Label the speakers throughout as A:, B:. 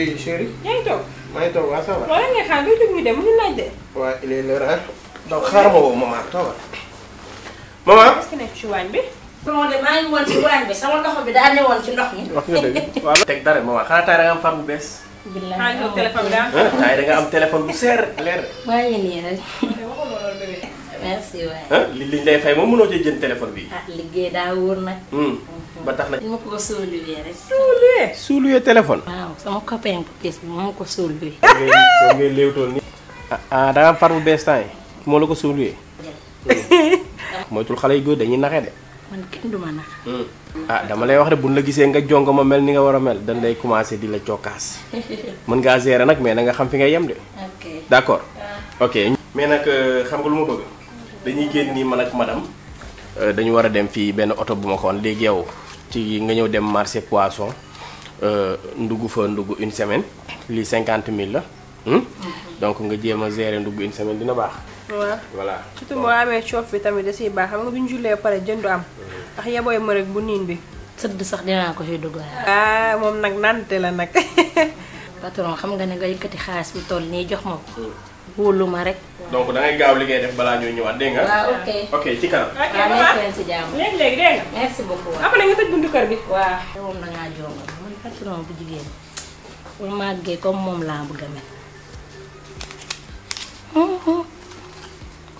A: oui chéri. yaa ngi toog. maa ngi toog de. waaw il est l'heure ah. donc xaaral ma woo maman toogal.
B: maman. est
A: bi. teg dara maman xanaa taay da nga am far bu bees.
B: am téléphone bi ah. taay da am téléphone
A: bu seer. Ah,
B: liggéey daa wóor nag. Hmm. ba tax na. ma ko suuluwee sama copain ya bu bees bi moo
A: ah, ah da nga dañuy naxee hmm. ah dama lay wax rek buñ la gisee nga jongo ma mel ni mel di la cokkaas mën ngaa gérer nag mais na nga xam Oke. ngay yem de. ok d' accord. Ah. ok. mais nag euh, mana nga lu ma bëgg mm. demfi génn nii man ak madame. Euh, dañu dem ko yow ci nga ñëw dem marché poisson euh, ndugg fa ndugg une semaine lii cinquante mille la. Hmm? donc nga jéem a gérer ndugg une semaine dina baax. waaw voilà
B: surtout moo amee coof bi tamit da siy baax xam nga bu ñu jullee pare jëndu am. Hmm. ndax yebooy ma rek bu niin bi. sëdd sax dinaa ko siy dugal. ah moom nag nante la nag. patron xam nga ne nga yëkkati xaalis bi toll nii jox ma wóolu marek.
A: rek. donc da ngay gaaw li ngay def balaa ñuy ñëwaat dégg nga. waaw ok ok ci kanam. ok
B: waaw nekk léegi léegi dégg nga. merci beaucoup waaw. après nga tëj buntu kër kan hmm, hmm. ya, ya, ah, bi. waaw. te moom da ngaa jongal man patron bu jigéen bu màggee comme moom laa bëgg a mel.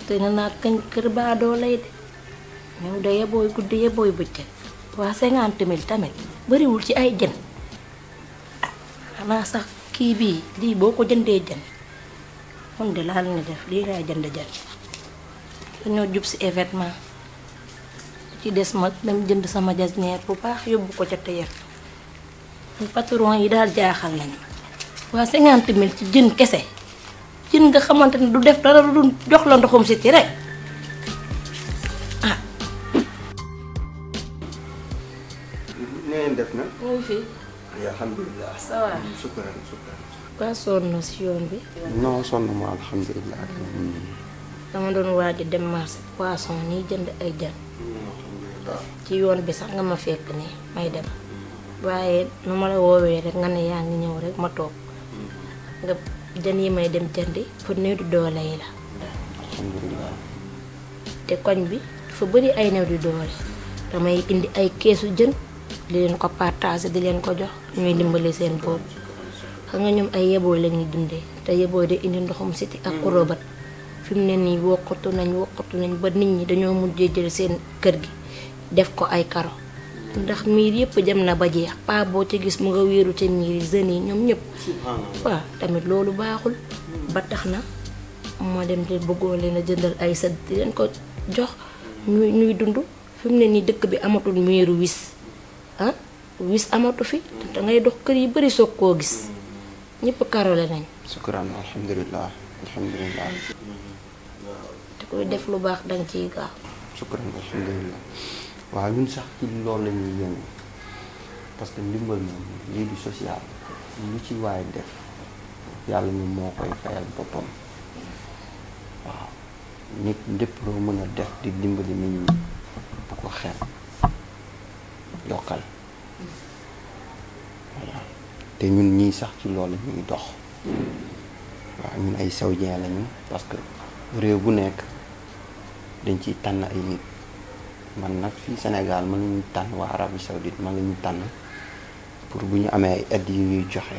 B: te na naa kañ kër baadoo lay de ñëw de yebooy guddi yebooy bëccëg waa cinquante mille tamit bariwul ci ay jën xanaa sax kii bii lii boo ko jëndee jën man de laal na def li ngay jënd jël dañoo jup ci événement ci dess ma dem jënd sama jasneer bu baax yóbbu ko ci ca tëyër patron yi dal jaaxal nañ wa 50000 ci jënd kessé jën nga xamante du def dara du jox la ndoxum ci ti rek ah.
C: ni def na. oui ngi fi. alhamdulilah. ça va. super super
B: ba sonn si yoon bi.
C: non sonn ma alhamdulilah.
B: dama doon waaj a dem marché poisson nii jënd ay jën. ci yoon bi sax nga ma fekk ne may dem. waaye nu ma la woowee rek nga ne yaa ngi ñëw rek ma toog. nga jën yi may dem jëndi pour néew di doole yi la. te koñ bi dafa bëri ay néew di doole. damay indi ay keesu jën di leen ko partager di leen ko jox ñuy dimbale seen bopp. xam nga ñoom ay yeboo la ñuy dundee te yeboo de indi ndoxum siti ak mm. robat fi mu ne nii wokkatu nañ wokkatu nañ ba nit ñi dañoo mujjee jël seen kër gi def ko ay karo ndax miir yëpp jëm na ba jeex pa boo ci gis mu nga wéeru ca miir yi yi ñoom ñëpp waaw tamit loolu baaxul mm. ba tax na moo dem di bëggoo leen jëndal ay sëdd di leen ko jox ñuy ñuy dund fi mu ne nii dëkk bi amatul miiru wis ah wis amatu fi mm. te ngay dox kër yi bari soog gis karo la nañ
C: sukran alhamdulillah alhamdulillah da ko def
B: lu bax dang ci ga
C: sukran alhamdulillah wa ñun sax ci lool la ñuy parce que ndimbal mom li di social ñu ci way def yalla moom mo koy fayal bopam wa nit ndep loo mëna def di dimbali nit ñi bu ko xel yokal té ñun ñi sax ci loolu ñuy dox waaw ñun ay saoudien lañu parce que réew bu nekk dañ ciy tànn ay nit man nag fii Sénégal man la ñuy tànn waa Arabie Saoudite man lañu ñuy tànn pour bu ñu amee ay aide yu ñuy joxe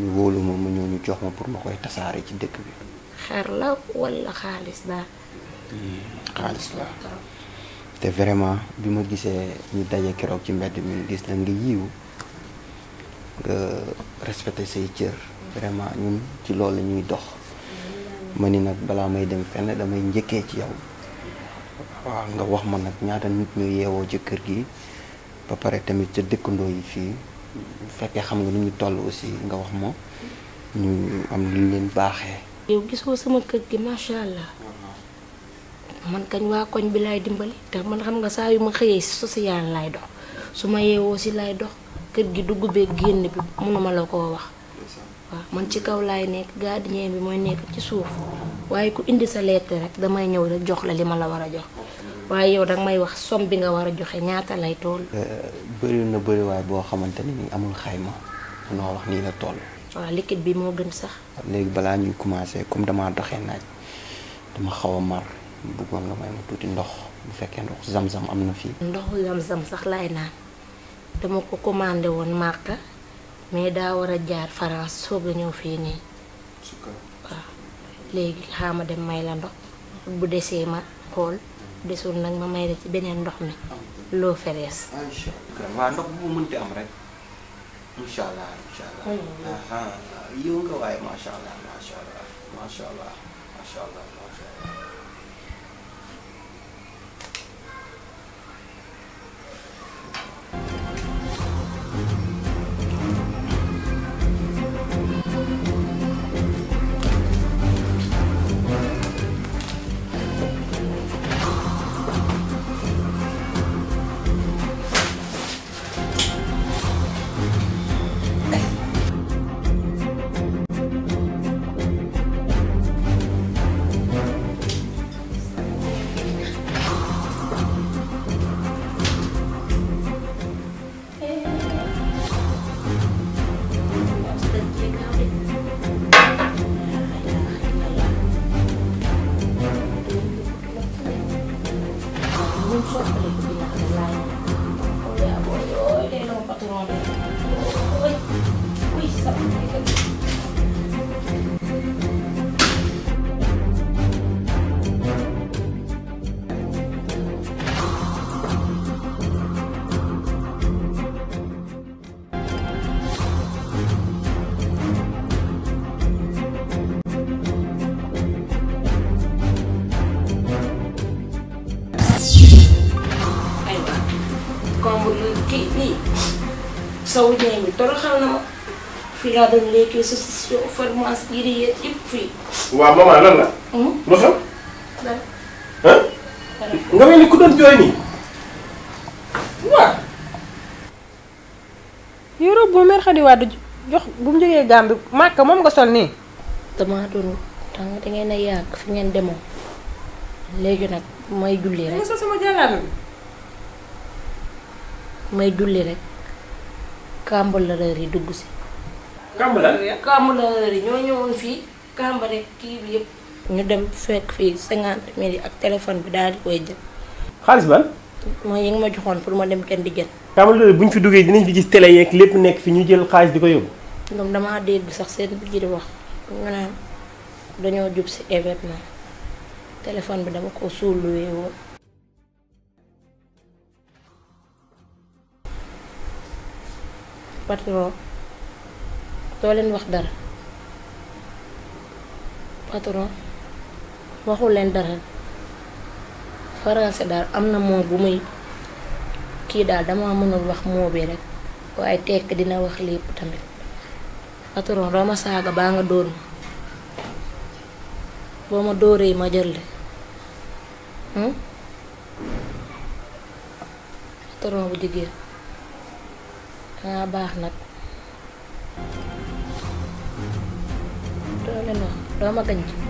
C: ñu wóolu ma mu ñëw ñu jox ma pour ma koy tasaare ci dëkk bi.
B: xeer la wala xaalis la. xaalis la
C: te vraiment bi ma gisee ñu daje keroog ci mbedd mi gis na nga yiiw nga respecté say cieur vraiment ñun ci lool la ñuy dox ma nak bala may dem fenn damay njëkkee ci yow wa nga wax ma nak ñaata nit ñu yéwo ci kër gi ba paré tamit ci dëkkandoo yi fi fekkee xam nga nu ñu toll aussi nga wax mo ñu am lu leen baxé
B: yow sama kër gi sha allah man kañ wa koñ bi lay dimbali te man xam nga sa yu ma xeyé social lay dox suma yéwo ci si dox kër gi dugg beeg génn bi mënuma la koo wax waaw man ci kaw laay nekk gardien bi mooy nekk ci suuf waaye ku indi sa lettre rek damay ñëw rek jox la li ma la war a jox waaye yow danga may wax somme bi nga war a joxe ñaata lay tool
C: eh, bëri na bëriwaay boo xamante ni amul xayma noo wax nii la tool
B: waaw liquide bi moo gën sax.
C: léegi balaa ñuy commencé comme dama doxee naaj dama xaw a mar bëggoon nga may ma tuuti ndox bu fekkee ndox zam-zam am na fii.
B: ndoxu sax laay naan. dama ko commandé woon Màkka mais daa war a jaar France soog a ñëw fii nii waaw léegi xaama dem may la ndox bu desee ma xool desul nag ma may la ci beneen ndox mi loo ferees
C: waaw rek incha allah incha
B: kii fii Sow Dieng bi toroxal na ma fii laa doon léegi saucisse yoo fromage yére yéen yëpp fii. waaw maman lan la. lu xew. dara. nga mel ni ku doon jooy nii. waaw. yow robe bu mère Khady Wade jox bu mu jógee Gàmbi Màkka moom nga sol ni dama doon tang da ngay na yak fi ngeen demo léegi nak may julli rek. sama jàllabe may julli rek cambrioleurs yi dugg si.
C: cambrioleurs
B: cambrioleurs yi ñoo ñëwoon fii cambrer kii bi yëpp. ñu dem fekk fii cinquante mille yi ak téléphone bi daal di koy jël. xaalis ban. mooy yi nga ma joxoon pour ma dem kenn di jël.
A: cambrioleurs bu ñu fi duggee dinañ fi gis télé yeeg lépp nekk fi ñu jël xaalis di ko yóbbu.
B: ñoom damaa dégg sax seen bi di wax ñu naan dañoo jub si événement téléphone bi dama ko suuluwee woon. patron doo len wax dara patron waxul len dara français daal am mo bu muy ki dal dama mënul wax mo bi rek way tek dina wax lepp tamit patron roma saga ba nga dóor ma ma ma jël hmm patron bu jigéen ah baax nag doole na dooma